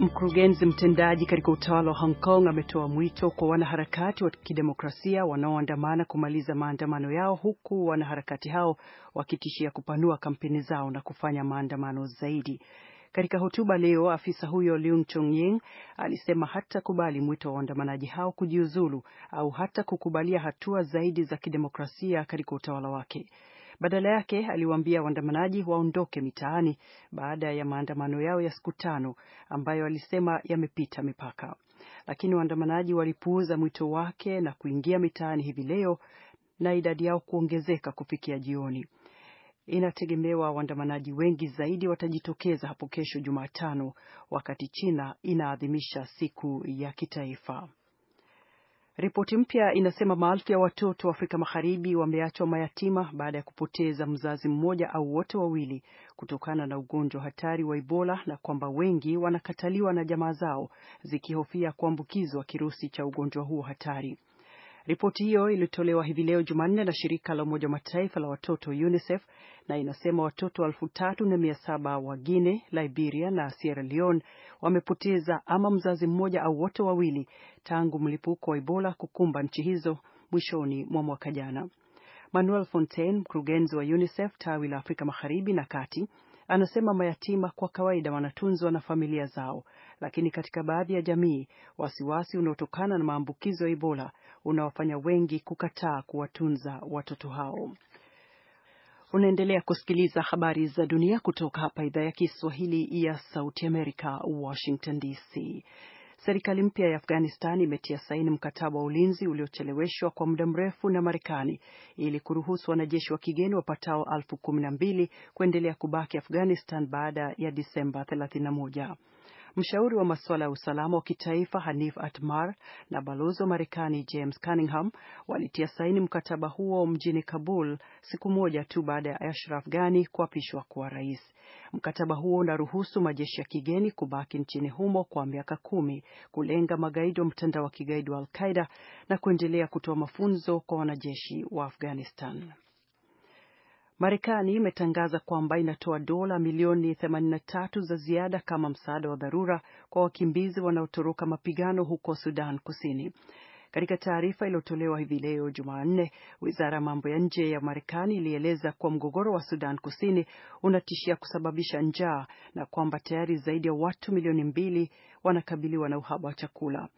Mkurugenzi mtendaji katika utawala wa Hong Kong ametoa mwito kwa wanaharakati wa kidemokrasia wanaoandamana kumaliza maandamano yao huku wanaharakati hao wakitishia kupanua kampeni zao na kufanya maandamano zaidi. Katika hotuba leo, afisa huyo Leung Chong-ying alisema hatakubali mwito wa waandamanaji hao kujiuzulu au hata kukubalia hatua zaidi za kidemokrasia katika utawala wake. Badala yake aliwaambia waandamanaji waondoke mitaani baada ya maandamano yao ya siku tano ambayo alisema yamepita mipaka. Lakini waandamanaji walipuuza mwito wake na kuingia mitaani hivi leo na idadi yao kuongezeka kufikia jioni. Inategemewa waandamanaji wengi zaidi watajitokeza hapo kesho Jumatano, wakati China inaadhimisha siku ya kitaifa. Ripoti mpya inasema maelfu ya watoto wa Afrika Magharibi wameachwa mayatima baada ya kupoteza mzazi mmoja au wote wawili kutokana na ugonjwa hatari wa Ebola na kwamba wengi wanakataliwa na jamaa zao zikihofia kuambukizwa kirusi cha ugonjwa huo hatari. Ripoti hiyo ilitolewa hivi leo Jumanne na shirika la Umoja wa Mataifa la watoto UNICEF na inasema watoto elfu tatu na mia saba wa guine Liberia na Sierra Leone wamepoteza ama mzazi mmoja au wote wawili tangu mlipuko wa Ebola kukumba nchi hizo mwishoni mwa mwaka jana. Manuel Fontaine, mkurugenzi wa UNICEF tawi la Afrika Magharibi na Kati, Anasema mayatima kwa kawaida wanatunzwa na familia zao, lakini katika baadhi ya jamii, wasiwasi unaotokana na maambukizo ya Ebola unawafanya wengi kukataa kuwatunza watoto hao. Unaendelea kusikiliza habari za dunia kutoka hapa idhaa ya Kiswahili ya Sauti Amerika, Washington DC. Serikali mpya ya Afghanistan imetia saini mkataba wa ulinzi uliocheleweshwa kwa muda mrefu na Marekani ili kuruhusu wanajeshi wa kigeni wapatao elfu kumi na mbili kuendelea kubaki Afghanistan baada ya Disemba 31 mshauri wa masuala ya usalama wa kitaifa Hanif Atmar na balozi wa Marekani James Cunningham walitia saini mkataba huo mjini Kabul siku moja tu baada ya Ashraf Ghani kuapishwa kuwa rais. Mkataba huo unaruhusu majeshi ya kigeni kubaki nchini humo kwa miaka kumi, kulenga magaidi wa mtandao wa kigaidi wa Al-Qaida na kuendelea kutoa mafunzo kwa wanajeshi wa Afghanistan. Marekani imetangaza kwamba inatoa dola milioni 83 za ziada kama msaada wa dharura kwa wakimbizi wanaotoroka mapigano huko Sudan Kusini. Katika taarifa iliyotolewa hivi leo Jumanne, wizara ya mambo ya nje ya Marekani ilieleza kuwa mgogoro wa Sudan Kusini unatishia kusababisha njaa na kwamba tayari zaidi ya watu milioni mbili wanakabiliwa na uhaba wa chakula.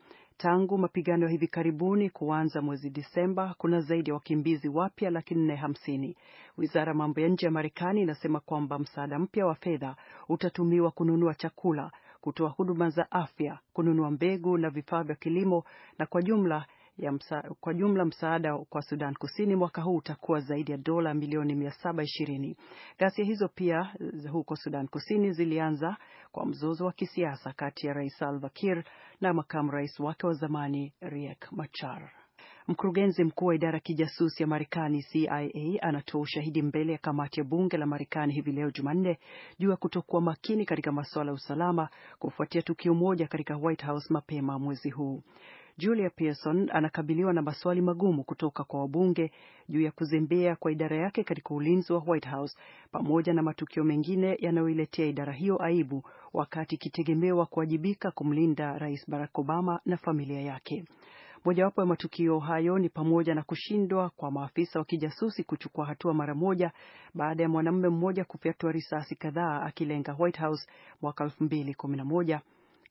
Tangu mapigano ya hivi karibuni kuanza mwezi Disemba, kuna zaidi ya wakimbizi wapya laki nne hamsini. Wizara ya mambo ya nje ya Marekani inasema kwamba msaada mpya wa fedha utatumiwa kununua chakula, kutoa huduma za afya, kununua mbegu na vifaa vya kilimo na kwa jumla ya msa, kwa jumla msaada kwa Sudan Kusini mwaka huu utakuwa zaidi ya dola milioni 720. Ghasia hizo pia huko Sudan Kusini zilianza kwa mzozo wa kisiasa kati ya Rais Salva Kiir na makamu rais wake wa zamani Riek Machar. Mkurugenzi mkuu wa idara ya kijasusi ya Marekani CIA anatoa ushahidi mbele ya kamati ya bunge la Marekani hivi leo Jumanne juu ya kutokuwa makini katika masuala ya usalama kufuatia tukio moja katika White House mapema mwezi huu. Julia Pearson anakabiliwa na maswali magumu kutoka kwa wabunge juu ya kuzembea kwa idara yake katika ulinzi wa White House pamoja na matukio mengine yanayoiletea idara hiyo aibu wakati ikitegemewa kuwajibika kumlinda Rais Barack Obama na familia yake. Mojawapo ya matukio hayo ni pamoja na kushindwa kwa maafisa wa kijasusi kuchukua hatua mara moja baada ya mwanamume mmoja kufyatua risasi kadhaa akilenga White House mwaka 2011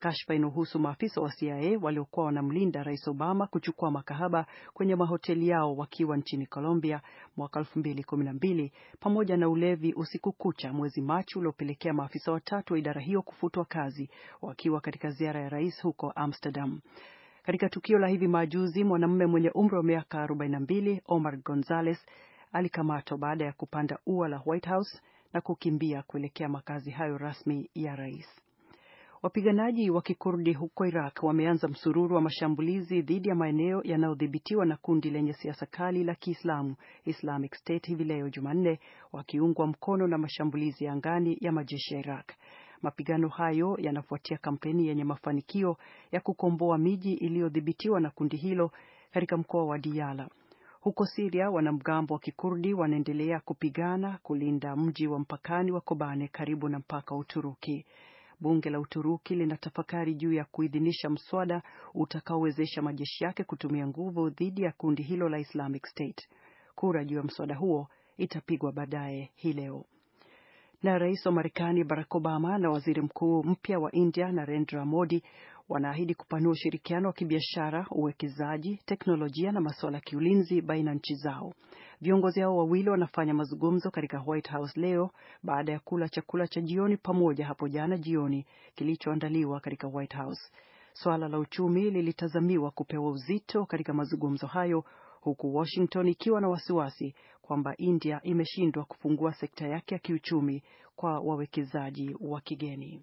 Kashfa inahusu maafisa wa CIA waliokuwa wanamlinda Rais Obama kuchukua makahaba kwenye mahoteli yao wakiwa nchini Colombia mwaka 2012 pamoja na ulevi usiku kucha mwezi Machi uliopelekea maafisa watatu wa idara hiyo kufutwa kazi wakiwa katika ziara ya rais huko Amsterdam. Katika tukio la hivi majuzi, mwanamume mwenye umri wa miaka 42 Omar Gonzalez alikamatwa baada ya kupanda ua la White House na kukimbia kuelekea makazi hayo rasmi ya rais. Wapiganaji wa Kikurdi huko Iraq wameanza msururu wa mashambulizi dhidi ya maeneo yanayodhibitiwa na kundi lenye siasa kali la Kiislamu Islamic State hivi leo Jumanne, wakiungwa mkono na mashambulizi ya angani ya majeshi ya Iraq. Mapigano hayo yanafuatia kampeni yenye mafanikio ya kukomboa miji iliyodhibitiwa na kundi hilo katika mkoa wa Diyala. Huko Siria, wanamgambo wa Kikurdi wanaendelea kupigana kulinda mji wa mpakani wa Kobane karibu na mpaka wa Uturuki bunge la Uturuki linatafakari juu ya kuidhinisha mswada utakaowezesha majeshi yake kutumia nguvu dhidi ya kundi hilo la Islamic State. Kura juu ya mswada huo itapigwa baadaye hii leo. Na rais wa Marekani Barack Obama na waziri mkuu mpya wa India Narendra Modi wanaahidi kupanua ushirikiano wa kibiashara, uwekezaji, teknolojia na masuala ya kiulinzi baina nchi zao. Viongozi hao wawili wanafanya mazungumzo katika White House leo baada ya kula chakula cha jioni pamoja hapo jana jioni kilichoandaliwa katika White House. Swala la uchumi lilitazamiwa kupewa uzito katika mazungumzo hayo huku Washington ikiwa na wasiwasi kwamba India imeshindwa kufungua sekta yake ya kiuchumi kwa wawekezaji wa kigeni.